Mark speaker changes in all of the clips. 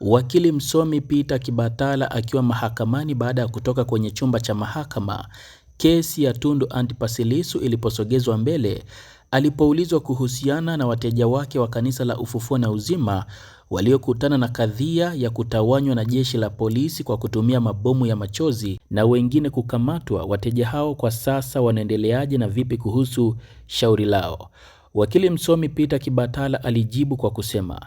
Speaker 1: Wakili msomi Peter Kibatala akiwa mahakamani baada ya kutoka kwenye chumba cha mahakama, kesi ya Tundu Antipas Lissu iliposogezwa mbele, alipoulizwa kuhusiana na wateja wake wa Kanisa la Ufufuo na Uzima waliokutana na kadhia ya kutawanywa na jeshi la polisi kwa kutumia mabomu ya machozi na wengine kukamatwa, wateja hao kwa sasa wanaendeleaje na vipi kuhusu shauri lao? Wakili msomi Peter Kibatala alijibu kwa kusema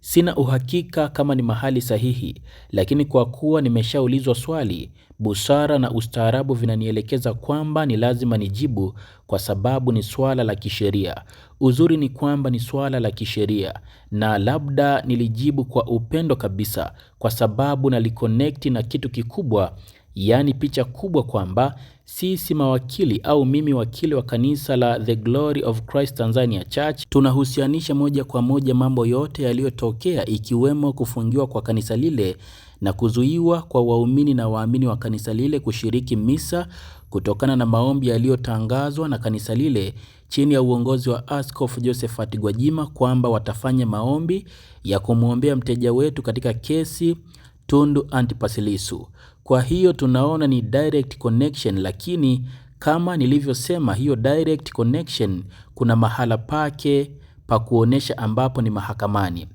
Speaker 1: Sina uhakika kama ni mahali sahihi, lakini kwa kuwa nimeshaulizwa swali, busara na ustaarabu vinanielekeza kwamba ni lazima nijibu kwa sababu ni swala la kisheria. Uzuri ni kwamba ni swala la kisheria na labda nilijibu kwa upendo kabisa kwa sababu nalikonekti na kitu kikubwa, yaani picha kubwa kwamba sisi mawakili au mimi wakili wa kanisa la The Glory of Christ Tanzania Church tunahusianisha moja kwa moja mambo yote yaliyotokea ikiwemo kufungiwa kwa kanisa lile na kuzuiwa kwa waumini na waamini wa kanisa lile kushiriki misa kutokana na maombi yaliyotangazwa na kanisa lile chini ya uongozi wa Askofu Josephat Gwajima kwamba watafanya maombi ya kumwombea mteja wetu katika kesi Tundu Antipas Lissu. Kwa hiyo tunaona ni direct connection, lakini kama nilivyosema, hiyo direct connection kuna mahala pake pa kuonesha ambapo ni mahakamani.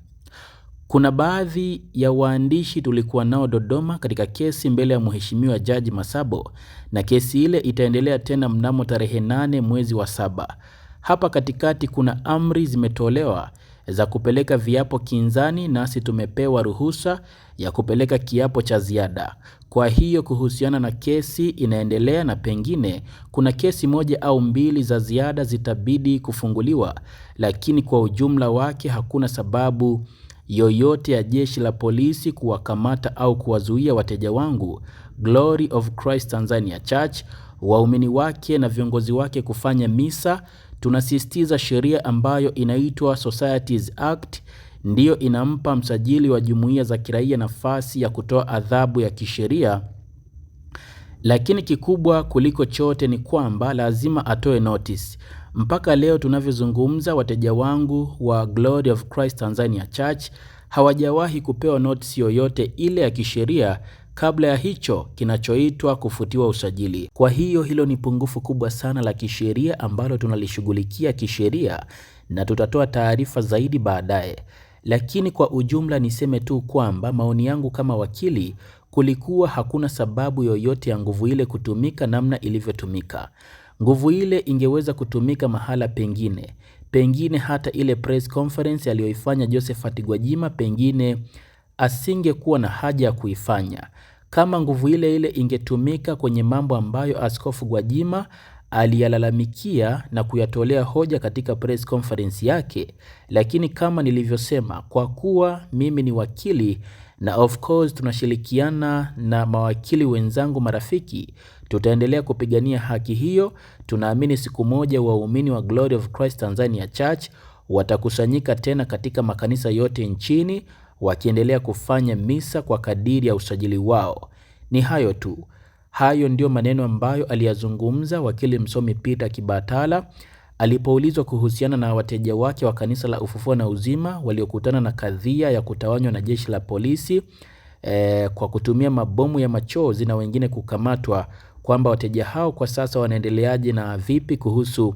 Speaker 1: Kuna baadhi ya waandishi tulikuwa nao Dodoma katika kesi mbele ya Mheshimiwa Jaji Masabo na kesi ile itaendelea tena mnamo tarehe nane mwezi wa saba. Hapa katikati kuna amri zimetolewa za kupeleka viapo kinzani, nasi tumepewa ruhusa ya kupeleka kiapo cha ziada. Kwa hiyo kuhusiana na kesi inaendelea, na pengine kuna kesi moja au mbili za ziada zitabidi kufunguliwa, lakini kwa ujumla wake hakuna sababu yoyote ya jeshi la polisi kuwakamata au kuwazuia wateja wangu Glory of Christ Tanzania Church, waumini wake na viongozi wake kufanya misa tunasisitiza sheria ambayo inaitwa Societies Act ndiyo inampa msajili wa jumuiya za kiraia nafasi ya kutoa adhabu ya kisheria, lakini kikubwa kuliko chote ni kwamba lazima atoe notice. Mpaka leo tunavyozungumza, wateja wangu wa Glory of Christ Tanzania Church hawajawahi kupewa notisi yoyote ile ya kisheria kabla ya hicho kinachoitwa kufutiwa usajili. Kwa hiyo hilo ni pungufu kubwa sana la kisheria ambalo tunalishughulikia kisheria na tutatoa taarifa zaidi baadaye. Lakini kwa ujumla niseme tu kwamba maoni yangu kama wakili, kulikuwa hakuna sababu yoyote ya nguvu ile kutumika namna ilivyotumika. Nguvu ile ingeweza kutumika mahala pengine, pengine hata ile press conference aliyoifanya Josephat Gwajima, pengine asingekuwa na haja ya kuifanya kama nguvu ile ile ingetumika kwenye mambo ambayo Askofu Gwajima aliyalalamikia na kuyatolea hoja katika press conference yake. Lakini kama nilivyosema, kwa kuwa mimi ni wakili na of course tunashirikiana na mawakili wenzangu marafiki, tutaendelea kupigania haki hiyo. Tunaamini siku moja waumini wa Glory of Christ Tanzania Church watakusanyika tena katika makanisa yote nchini wakiendelea kufanya misa kwa kadiri ya usajili wao. Ni hayo tu. Hayo ndiyo maneno ambayo aliyazungumza wakili msomi Peter Kibatala alipoulizwa kuhusiana na wateja wake wa kanisa la Ufufuo na Uzima waliokutana na kadhia ya kutawanywa na jeshi la polisi eh, kwa kutumia mabomu ya machozi na wengine kukamatwa, kwamba wateja hao kwa sasa wanaendeleaje na vipi kuhusu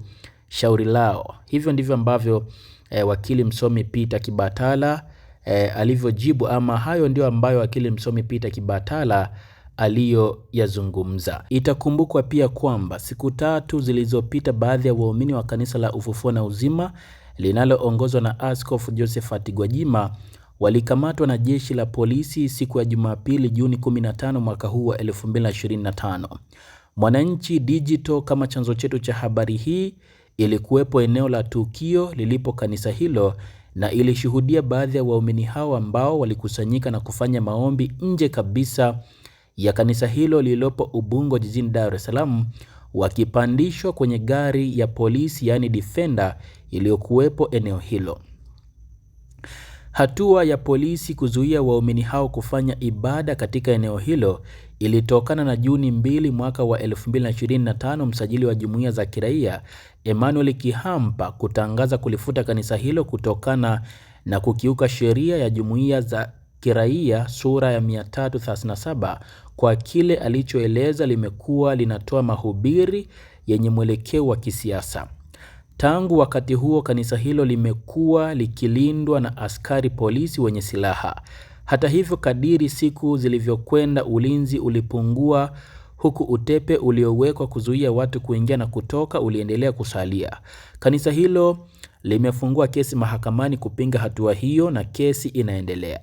Speaker 1: shauri lao. Hivyo ndivyo ambavyo eh, wakili msomi Peter Kibatala eh, alivyojibu ama hayo ndio ambayo akili msomi Peter Kibatala aliyoyazungumza. Itakumbukwa pia kwamba siku tatu zilizopita baadhi ya waumini wa kanisa la Ufufuo na Uzima linaloongozwa na Askofu Josephat Gwajima walikamatwa na jeshi la polisi siku ya Jumapili Juni 15 mwaka huu wa 2025. Mwananchi Digital kama chanzo chetu cha habari hii ilikuwepo eneo la tukio lilipo kanisa hilo na ilishuhudia baadhi ya waumini hao ambao walikusanyika na kufanya maombi nje kabisa ya kanisa hilo lililopo Ubungo jijini Dar es Salaam wakipandishwa kwenye gari ya polisi yaani Defender iliyokuwepo eneo hilo. Hatua ya polisi kuzuia waumini hao kufanya ibada katika eneo hilo ilitokana na Juni 2 mwaka wa 2025 msajili wa jumuiya za kiraia Emmanuel Kihampa kutangaza kulifuta kanisa hilo kutokana na kukiuka sheria ya jumuiya za kiraia sura ya 337 kwa kile alichoeleza limekuwa linatoa mahubiri yenye mwelekeo wa kisiasa. Tangu wakati huo kanisa hilo limekuwa likilindwa na askari polisi wenye silaha. Hata hivyo, kadiri siku zilivyokwenda, ulinzi ulipungua huku utepe uliowekwa kuzuia watu kuingia na kutoka uliendelea kusalia. Kanisa hilo limefungua kesi mahakamani kupinga hatua hiyo na kesi inaendelea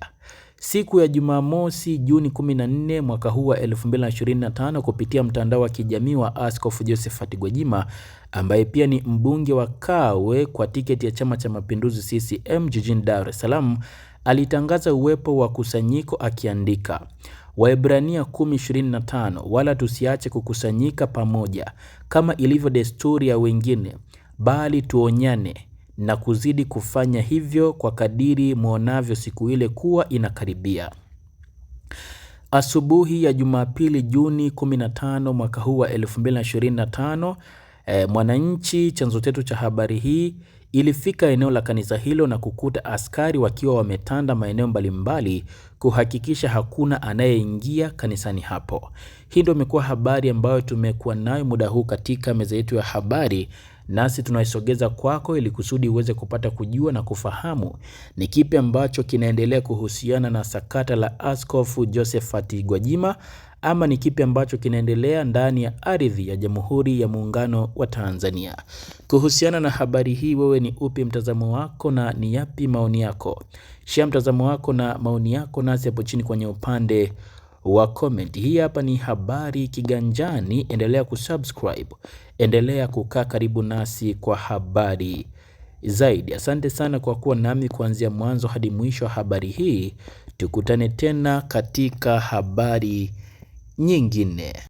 Speaker 1: siku ya Jumamosi Juni 14 mwaka huu wa 2025 kupitia mtandao wa kijamii wa Askofu Josephat Gwajima ambaye pia ni mbunge wa Kawe kwa tiketi ya Chama cha Mapinduzi CCM jijini Dar es Salaam alitangaza uwepo wa kusanyiko akiandika Waebrania 10:25 wala tusiache kukusanyika pamoja kama ilivyo desturi ya wengine, bali tuonyane na kuzidi kufanya hivyo kwa kadiri mwonavyo siku ile kuwa inakaribia. Asubuhi ya Jumapili Juni 15 mwaka huu wa 2025, eh, Mwananchi chanzo chetu cha habari hii ilifika eneo la kanisa hilo na kukuta askari wakiwa wametanda maeneo mbalimbali kuhakikisha hakuna anayeingia kanisani hapo. Hii ndio imekuwa habari ambayo tumekuwa nayo muda huu katika meza yetu ya habari nasi tunaisogeza kwako ili kusudi uweze kupata kujua na kufahamu ni kipi ambacho kinaendelea kuhusiana na sakata la Askofu Josephat Gwajima ama ni kipi ambacho kinaendelea ndani ya ardhi ya Jamhuri ya Muungano wa Tanzania. Kuhusiana na habari hii, wewe ni upi mtazamo wako na ni yapi maoni yako? Shia mtazamo wako na maoni yako nasi hapo chini kwenye upande wa comment. Hii hapa ni Habari Kiganjani, endelea kusubscribe Endelea kukaa karibu nasi kwa habari zaidi. Asante sana kwa kuwa nami kuanzia mwanzo hadi mwisho wa habari hii. Tukutane tena katika habari nyingine.